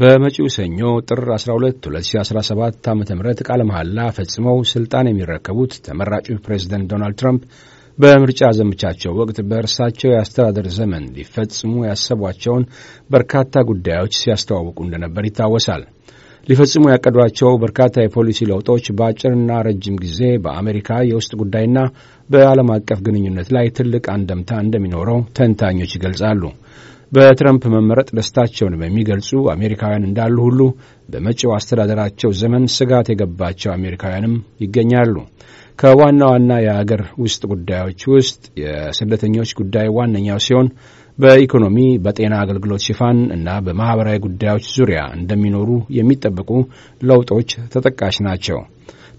በመጪው ሰኞ ጥር 12 2017 ዓ ም ቃለ መሐላ ፈጽመው ሥልጣን የሚረከቡት ተመራጩ ፕሬዝደንት ዶናልድ ትራምፕ በምርጫ ዘመቻቸው ወቅት በእርሳቸው የአስተዳደር ዘመን ሊፈጽሙ ያሰቧቸውን በርካታ ጉዳዮች ሲያስተዋውቁ እንደነበር ይታወሳል። ሊፈጽሙ ያቀዷቸው በርካታ የፖሊሲ ለውጦች በአጭርና ረጅም ጊዜ በአሜሪካ የውስጥ ጉዳይና በዓለም አቀፍ ግንኙነት ላይ ትልቅ አንደምታ እንደሚኖረው ተንታኞች ይገልጻሉ። በትረምፕ መመረጥ ደስታቸውን በሚገልጹ አሜሪካውያን እንዳሉ ሁሉ በመጪው አስተዳደራቸው ዘመን ስጋት የገባቸው አሜሪካውያንም ይገኛሉ። ከዋና ዋና የአገር ውስጥ ጉዳዮች ውስጥ የስደተኞች ጉዳይ ዋነኛው ሲሆን በኢኮኖሚ፣ በጤና አገልግሎት ሽፋን እና በማኅበራዊ ጉዳዮች ዙሪያ እንደሚኖሩ የሚጠበቁ ለውጦች ተጠቃሽ ናቸው።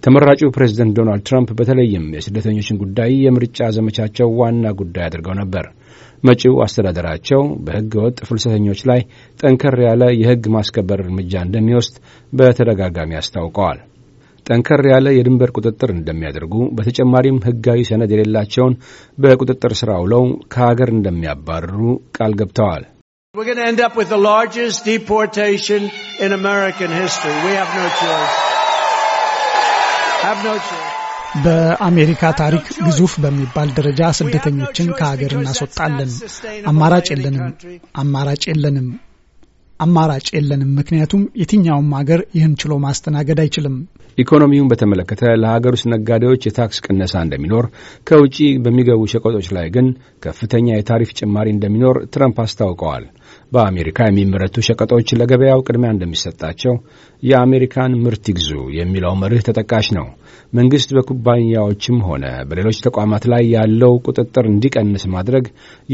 ተመራጩ ፕሬዝደንት ዶናልድ ትራምፕ በተለይም የስደተኞችን ጉዳይ የምርጫ ዘመቻቸው ዋና ጉዳይ አድርገው ነበር። መጪው አስተዳደራቸው በሕገ ወጥ ፍልሰተኞች ላይ ጠንከር ያለ የሕግ ማስከበር እርምጃ እንደሚወስድ በተደጋጋሚ አስታውቀዋል። ጠንከር ያለ የድንበር ቁጥጥር እንደሚያደርጉ፣ በተጨማሪም ሕጋዊ ሰነድ የሌላቸውን በቁጥጥር ሥር አውለው ከሀገር እንደሚያባርሩ ቃል ገብተዋል። We're going to end up with the largest deportation in American history. We have no choice. በአሜሪካ ታሪክ ግዙፍ በሚባል ደረጃ ስደተኞችን ከሀገር እናስወጣለን። አማራጭ የለንም። አማራጭ የለንም። አማራጭ የለንም። ምክንያቱም የትኛውም ሀገር ይህን ችሎ ማስተናገድ አይችልም። ኢኮኖሚውን በተመለከተ ለሀገር ውስጥ ነጋዴዎች የታክስ ቅነሳ እንደሚኖር፣ ከውጪ በሚገቡ ሸቀጦች ላይ ግን ከፍተኛ የታሪፍ ጭማሪ እንደሚኖር ትረምፕ አስታውቀዋል። በአሜሪካ የሚመረቱ ሸቀጦች ለገበያው ቅድሚያ እንደሚሰጣቸው የአሜሪካን ምርት ይግዙ የሚለው መርህ ተጠቃሽ ነው። መንግሥት በኩባንያዎችም ሆነ በሌሎች ተቋማት ላይ ያለው ቁጥጥር እንዲቀንስ ማድረግ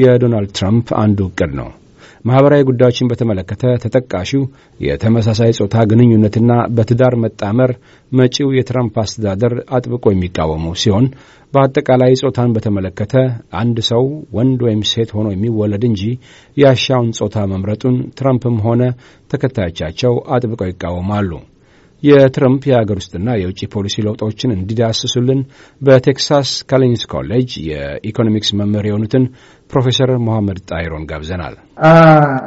የዶናልድ ትራምፕ አንዱ ዕቅድ ነው። ማኅበራዊ ጉዳዮችን በተመለከተ ተጠቃሹ የተመሳሳይ ጾታ ግንኙነትና በትዳር መጣመር መጪው የትራምፕ አስተዳደር አጥብቆ የሚቃወመው ሲሆን በአጠቃላይ ጾታን በተመለከተ አንድ ሰው ወንድ ወይም ሴት ሆኖ የሚወለድ እንጂ ያሻውን ጾታ መምረጡን ትራምፕም ሆነ ተከታዮቻቸው አጥብቀው ይቃወማሉ። የትረምፕ የሀገር ውስጥና የውጭ ፖሊሲ ለውጦችን እንዲዳስሱልን በቴክሳስ ካሊንስ ኮሌጅ የኢኮኖሚክስ መምህር የሆኑትን ፕሮፌሰር መሐመድ ጣይሮን ጋብዘናል።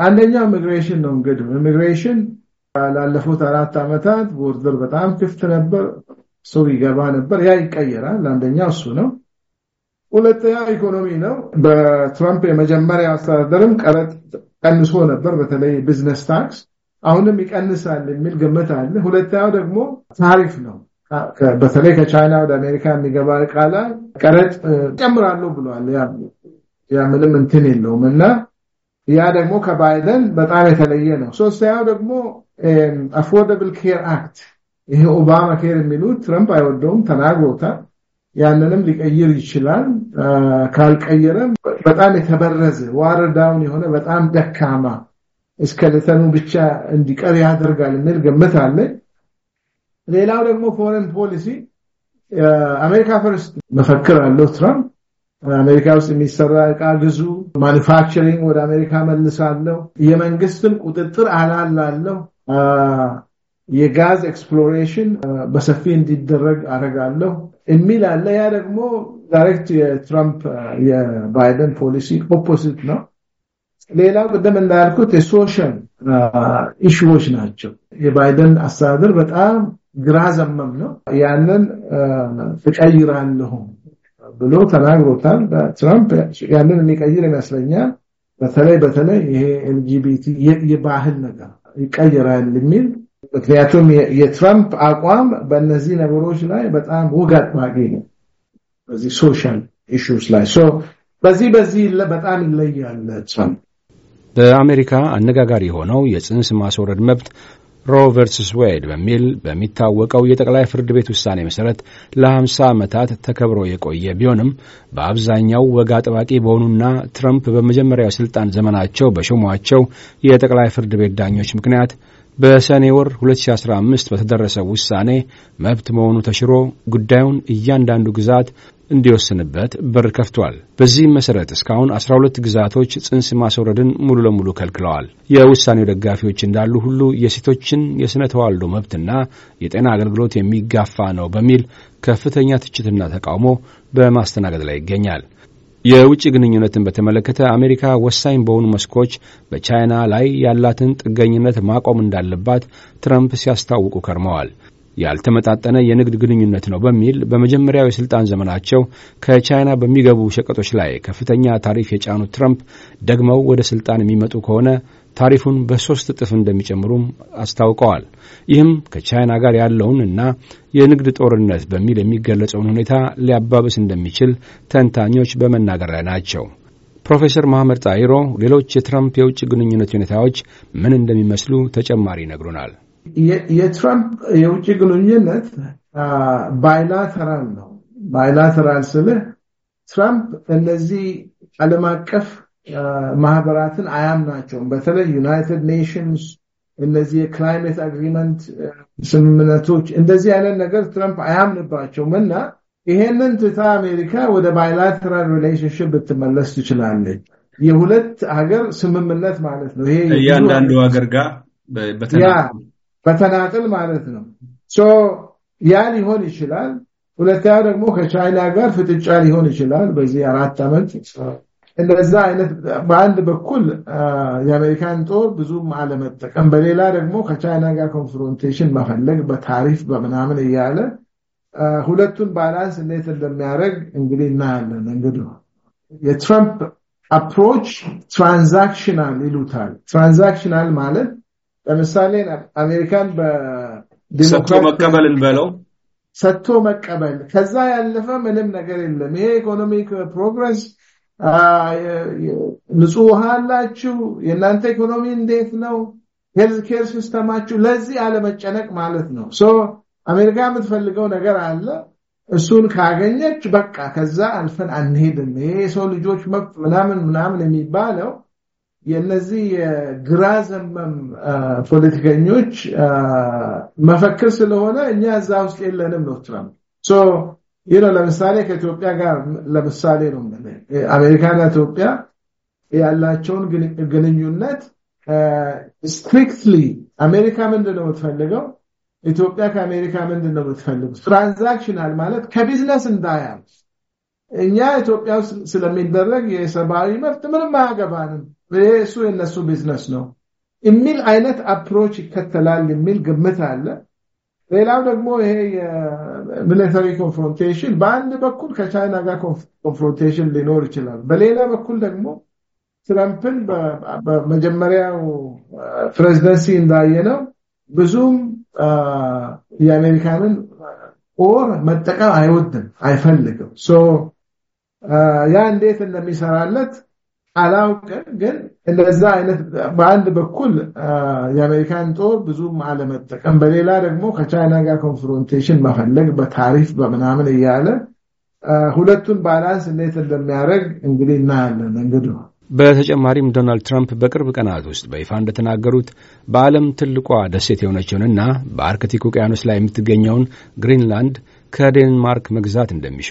አንደኛው ኢሚግሬሽን ነው። እንግዲህ ኢሚግሬሽን ላለፉት አራት ዓመታት ቦርደር በጣም ክፍት ነበር፣ ሰው ይገባ ነበር። ያ ይቀየራል። አንደኛው እሱ ነው። ሁለተኛው ኢኮኖሚ ነው። በትራምፕ የመጀመሪያ አስተዳደርም ቀረጥ ቀንሶ ነበር፣ በተለይ ቢዝነስ ታክስ። አሁንም ይቀንሳል የሚል ግምት አለ። ሁለተኛው ደግሞ ታሪፍ ነው። በተለይ ከቻይና ወደ አሜሪካ የሚገባ እቃ ላይ ቀረጥ ጨምራለሁ ብለዋል። ያ ምንም እንትን የለውም እና ያ ደግሞ ከባይደን በጣም የተለየ ነው። ሶስተኛው ደግሞ አፎርደብል ኬር አክት ይሄ ኦባማ ኬር የሚሉት ትረምፕ አይወደውም፣ ተናግሮታል። ያንንም ሊቀይር ይችላል። uh, ካልቀየረም በጣም የተበረዘ ዋርዳውን የሆነ በጣም ደካማ እስከለተኑ ብቻ እንዲቀር ያደርጋል የሚል ግምት አለ። ሌላው ደግሞ ፎሬን ፖሊሲ አሜሪካ ፈርስት መፈክር አለው ትራምፕ አሜሪካ ውስጥ የሚሰራ እቃ ግዙ፣ ማኒፋክቸሪንግ ወደ አሜሪካ መልሳለሁ፣ የመንግስትም ቁጥጥር አላላለሁ፣ የጋዝ ኤክስፕሎሬሽን በሰፊ እንዲደረግ አደርጋለሁ የሚል አለ። ያ ደግሞ ዳይሬክት የትራምፕ የባይደን ፖሊሲ ኦፖዚት ነው። ሌላው ቅደም እንዳልኩት የሶሻል ኢሹዎች ናቸው። የባይደን አስተዳደር በጣም ግራ ዘመም ነው። ያንን እቀይራለሁም ብሎ ተናግሮታል። በትራምፕ ያንን የሚቀይር ይመስለኛል። በተለይ በተለይ ይሄ ኤልጂቢቲ የባህል ነገር ይቀይራል የሚል ምክንያቱም የትራምፕ አቋም በእነዚህ ነገሮች ላይ በጣም ወግ አጥባቂ ነው። በዚህ ሶሻል ኢሹስ ላይ በዚህ በዚህ በጣም ይለያል ትራምፕ። በአሜሪካ አነጋጋሪ የሆነው የጽንስ ማስወረድ መብት ሮ ቨርስስ ዌድ በሚል በሚታወቀው የጠቅላይ ፍርድ ቤት ውሳኔ መሠረት ለ50 ዓመታት ተከብሮ የቆየ ቢሆንም በአብዛኛው ወግ አጥባቂ በሆኑና ትረምፕ በመጀመሪያው ሥልጣን ዘመናቸው በሾሟቸው የጠቅላይ ፍርድ ቤት ዳኞች ምክንያት በሰኔ ወር 2015 በተደረሰው ውሳኔ መብት መሆኑ ተሽሮ ጉዳዩን እያንዳንዱ ግዛት እንዲወስንበት በር ከፍቷል። በዚህም መሠረት እስካሁን 12 ግዛቶች ጽንስ ማስወረድን ሙሉ ለሙሉ ከልክለዋል። የውሳኔው ደጋፊዎች እንዳሉ ሁሉ የሴቶችን የሥነ ተዋልዶ መብትና የጤና አገልግሎት የሚጋፋ ነው በሚል ከፍተኛ ትችትና ተቃውሞ በማስተናገድ ላይ ይገኛል። የውጭ ግንኙነትን በተመለከተ አሜሪካ ወሳኝ በሆኑ መስኮች በቻይና ላይ ያላትን ጥገኝነት ማቆም እንዳለባት ትረምፕ ሲያስታውቁ ከርመዋል። ያልተመጣጠነ የንግድ ግንኙነት ነው በሚል በመጀመሪያው የሥልጣን ዘመናቸው ከቻይና በሚገቡ ሸቀጦች ላይ ከፍተኛ ታሪፍ የጫኑት ትረምፕ ደግመው ወደ ሥልጣን የሚመጡ ከሆነ ታሪፉን በሦስት እጥፍ እንደሚጨምሩም አስታውቀዋል። ይህም ከቻይና ጋር ያለውን እና የንግድ ጦርነት በሚል የሚገለጸውን ሁኔታ ሊያባብስ እንደሚችል ተንታኞች በመናገር ላይ ናቸው። ፕሮፌሰር መሐመድ ጣይሮ ሌሎች የትራምፕ የውጭ ግንኙነት ሁኔታዎች ምን እንደሚመስሉ ተጨማሪ ይነግሩናል። የትራምፕ የውጭ ግንኙነት ባይላተራል ነው። ባይላተራል ስልህ ትራምፕ እነዚህ ዓለም አቀፍ ማህበራትን አያምናቸውም። በተለይ ዩናይትድ ኔሽንስ፣ እነዚህ የክላይሜት አግሪመንት ስምምነቶች፣ እንደዚህ አይነት ነገር ትራምፕ አያምንባቸውም እና ይሄንን ትታ አሜሪካ ወደ ባይላተራል ሪሌሽንሽፕ ብትመለስ ትችላለች። የሁለት ሀገር ስምምነት ማለት ነው። ይሄ እያንዳንዱ ሀገር ጋር በተናጥል ማለት ነው ያ ሊሆን ይችላል ሁለተኛ ደግሞ ከቻይና ጋር ፍጥጫ ሊሆን ይችላል በዚህ አራት ዓመት እንደዛ አይነት በአንድ በኩል የአሜሪካን ጦር ብዙም አለመጠቀም በሌላ ደግሞ ከቻይና ጋር ኮንፍሮንቴሽን መፈለግ በታሪፍ በምናምን እያለ ሁለቱን ባላንስ እንዴት እንደሚያደርግ እንግዲህ እናያለን እንግዲህ የትራምፕ አፕሮች ትራንዛክሽናል ይሉታል ትራንዛክሽናል ማለት ለምሳሌ አሜሪካን በዲሞክራሲ መቀበል እንበለው ሰጥቶ መቀበል ከዛ ያለፈ ምንም ነገር የለም። ይሄ ኢኮኖሚክ ፕሮግረስ ንጹህ ውሃ አላችሁ፣ የእናንተ ኢኮኖሚ እንዴት ነው? ሄልዝ ኬር ሲስተማችሁ፣ ለዚህ አለመጨነቅ ማለት ነው። ሶ አሜሪካ የምትፈልገው ነገር አለ። እሱን ካገኘች በቃ ከዛ አልፈን አንሄድም። ይሄ የሰው ልጆች መብት ምናምን ምናምን የሚባለው የነዚህ የግራ ዘመም ፖለቲከኞች መፈክር ስለሆነ እኛ እዛ ውስጥ የለንም ነው ትራምፕ። ይህ ነው ለምሳሌ ከኢትዮጵያ ጋር ለምሳሌ ነው አሜሪካና ኢትዮጵያ ያላቸውን ግንኙነት ስትሪክትሊ አሜሪካ ምንድን ነው የምትፈልገው? ኢትዮጵያ ከአሜሪካ ምንድን ነው የምትፈልጉ? ትራንዛክሽናል ማለት ከቢዝነስ እንዳያል እኛ ኢትዮጵያ ውስጥ ስለሚደረግ የሰብአዊ መብት ምንም አያገባንም እሱ የነሱ ቢዝነስ ነው የሚል አይነት አፕሮች ይከተላል የሚል ግምት አለ። ሌላው ደግሞ ይሄ የሚሊተሪ ኮንፍሮንቴሽን በአንድ በኩል ከቻይና ጋር ኮንፍሮንቴሽን ሊኖር ይችላል። በሌላ በኩል ደግሞ ትራምፕን በመጀመሪያው ፕሬዚደንሲ እንዳየነው ብዙም የአሜሪካንን ኦር መጠቀም አይወድም፣ አይፈልግም። ያ እንዴት እንደሚሰራለት አላውቅም ግን እንደዛ አይነት በአንድ በኩል የአሜሪካን ጦር ብዙም አለመጠቀም፣ በሌላ ደግሞ ከቻይና ጋር ኮንፍሮንቴሽን መፈለግ በታሪፍ በምናምን እያለ ሁለቱን ባላንስ እንዴት እንደሚያደርግ እንግዲህ እናያለን። እንግዲህ በተጨማሪም ዶናልድ ትራምፕ በቅርብ ቀናት ውስጥ በይፋ እንደተናገሩት በዓለም ትልቋ ደሴት የሆነችውንና በአርክቲክ ውቅያኖስ ላይ የምትገኘውን ግሪንላንድ ከዴንማርክ መግዛት እንደሚሹ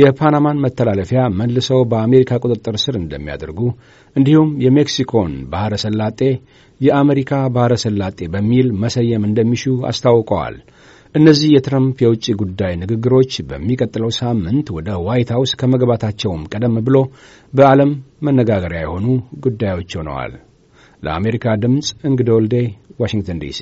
የፓናማን መተላለፊያ መልሰው በአሜሪካ ቁጥጥር ስር እንደሚያደርጉ እንዲሁም የሜክሲኮን ባሕረ ሰላጤ የአሜሪካ ባሕረ ሰላጤ በሚል መሰየም እንደሚሹ አስታውቀዋል። እነዚህ የትረምፕ የውጭ ጉዳይ ንግግሮች በሚቀጥለው ሳምንት ወደ ዋይት ሀውስ ከመግባታቸውም ቀደም ብሎ በዓለም መነጋገሪያ የሆኑ ጉዳዮች ሆነዋል። ለአሜሪካ ድምፅ እንግዳ ወልዴ ዋሽንግተን ዲሲ